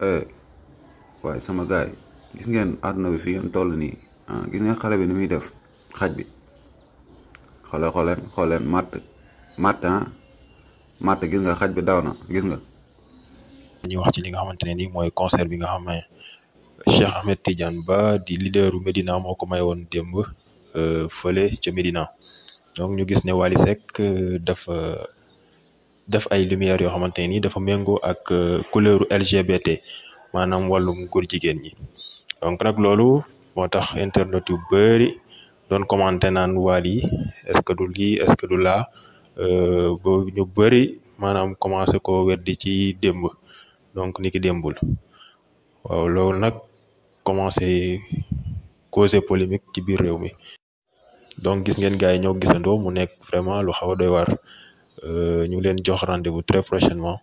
Eh, waaye sama gars gis ngeen àdduna bi fi ngeen toll nii ah gis ngeen xale bi nu muy def xaj bi xoole xooleen xooleen matt matt ah matt gis nga xaj bi daw na gis nga. dañuy wax ci li nga xamante ne nii mooy concert bi nga xam ne Cheikh Ahmed Tidiane Ba di leaderu Medina moo ko may woon démb euh, fële ca Medina donc ñu gis ne Wally euh, dafa. def ay lumière yoo xamante ni dafa méngoo ak euh, couleuru LGBT maanaam wàllum góor jigéen ñi donc nag loolu moo tax internet yu bëri doon commenté naan Wally est ce que du lii est ce que du laa euh, ba ñu bëri maanaam commencé ko weddi ci démb donc ni ki démbul waaw loolu nag commencé causer polémique ci biir réew mi donc gis ngeen gars yi ñoo gisandoo mu nekk vraiment lu xaw a doy waar Nous euh, allons leen jox rendez-vous très prochainement.